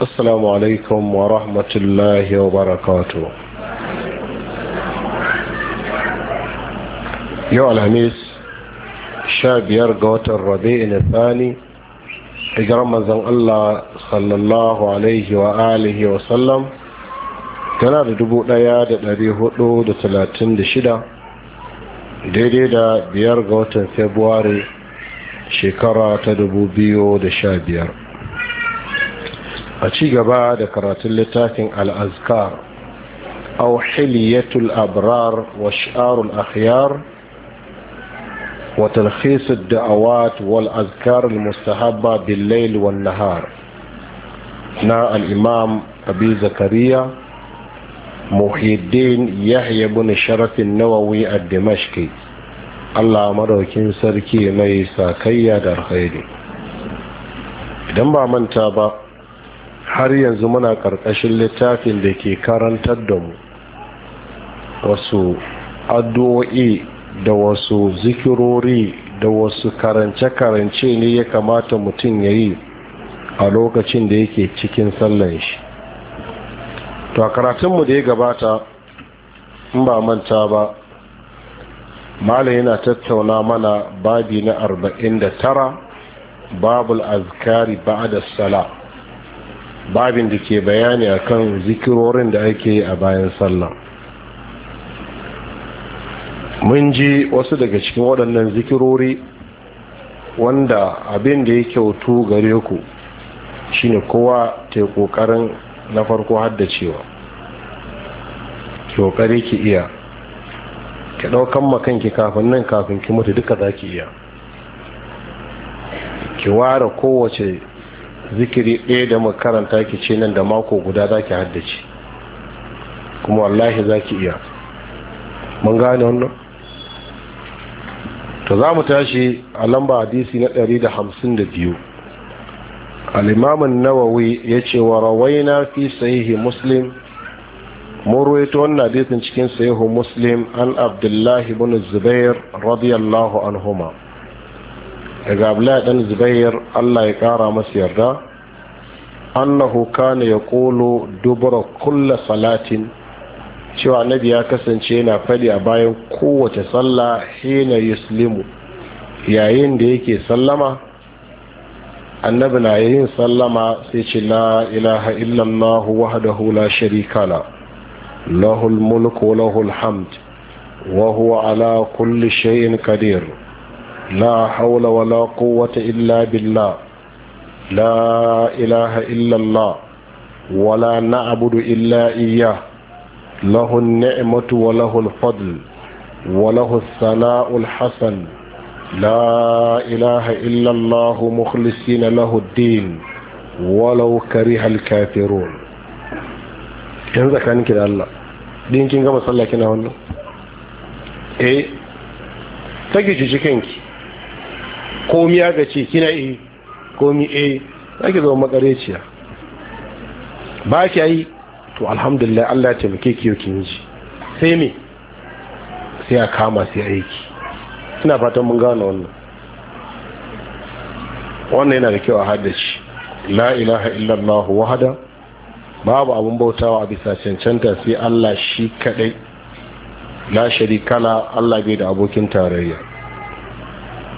السلام عليكم Yau alhamis sha biyar ga watan يرقوة الربيع الثاني hijirar manzon Allah sallallahu alaihi wa alihi wa sallam tana da dubu ɗaya da ɗari hudu da talatin da shida daidai da biyar ga watan Fabrairu shekara ta dubu biyu da sha biyar a ci gaba da karatun littafin al'azkar au hiliyatul abrar wa sha'arul akhyar wa talhisar da'awat wal azkarul mustahabba billail wan nahar na al'imam abi zakariya muhiddin yahya bin sharafin nawawi a dimashki allah maraukin sarki mai sakayya da alkhairi idan ba manta ba har yanzu muna ƙarƙashin littafin da ke karantar da mu wasu addu'o'i da wasu zikirori da wasu karance-karance ne ya kamata mutum ya yi a lokacin da yake cikin sallan shi to a karatunmu da ya gabata in ba manta ba malam yana tattauna mana babi na 49 babul azkari ba'da salah babin da ke bayani akan zikirorin da ake yi a bayan sallah mun ji wasu daga cikin waɗannan zikirori wanda abin da ya kyautu gare ku shine kowa ta ƙoƙarin na farko haddacewa ƙoƙari ki iya ki ɗaukan makanki kafin nan kafin ki mutu duka za ki iya ki ware kowace zikiri ɗaya da makaranta ki ce nan da mako guda za ki haddace kuma wallahi za ki iya mun gane wannan to za mu tashi a lamba hadisi na 152 al'imamin nawawi ya ce wa rawaina fi sahihi muslim mun ruwaito wannan hadisin cikin sahihu muslim an abdullahi bin zubair radiyallahu anhuma daga abdullahi dan zubair allah ya kara masa yarda annahu kana ya kolo dubura kulla salatin cewa annabi ya kasance yana fadi a bayan kowace sallah hina yuslimu yayin da yake sallama annabi na yin sallama sai ce la ilaha illallah wahdahu la sharika la lahul mulku lahul hamd wa huwa ala kulli shay'in qadir لا حول ولا قوة إلا بالله لا إله إلا الله ولا نعبد إلا إياه له النعمة وله الفضل وله الثناء الحسن لا إله إلا الله مخلصين له الدين ولو كره الكافرون yanzu كان ki الله دين din kin gama sallah kina wannan komi ya ga ce kina eh komi eh zaki zama makareciya ba ki yi to alhamdulillah Allah ya taimake ki yau kin ji sai me sai a kama sai aiki ina fatan mun gane wannan wannan yana da kyau a haddace la ilaha illallah wahada babu abun bautawa a bisa cancanta sai Allah shi kadai la sharikala Allah bai da abokin tarayya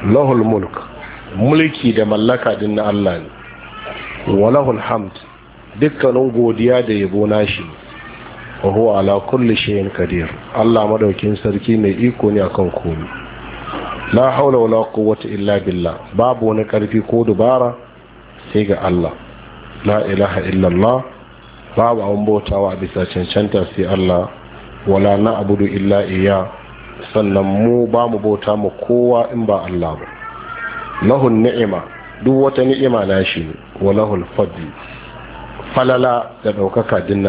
lahul mulk mulki da mallaka din na Allah ne wa lahul hamd dukkanin godiya da yabo nashi wa huwa ala kulli shay'in qadir Allah madaukin sarki mai iko ne akan komai la haula wala quwwata illa billah babu wani karfi ko dubara sai ga Allah la ilaha illa Allah babu ambotawa bautawa a bisa cancanta sai Allah wala na illa iya sannan mu ba mu bauta mu kowa in ba Allah ba lahun ni'ima duk wata ni'ima na shi ne wa lahul fadli falala da ɗaukaka dinna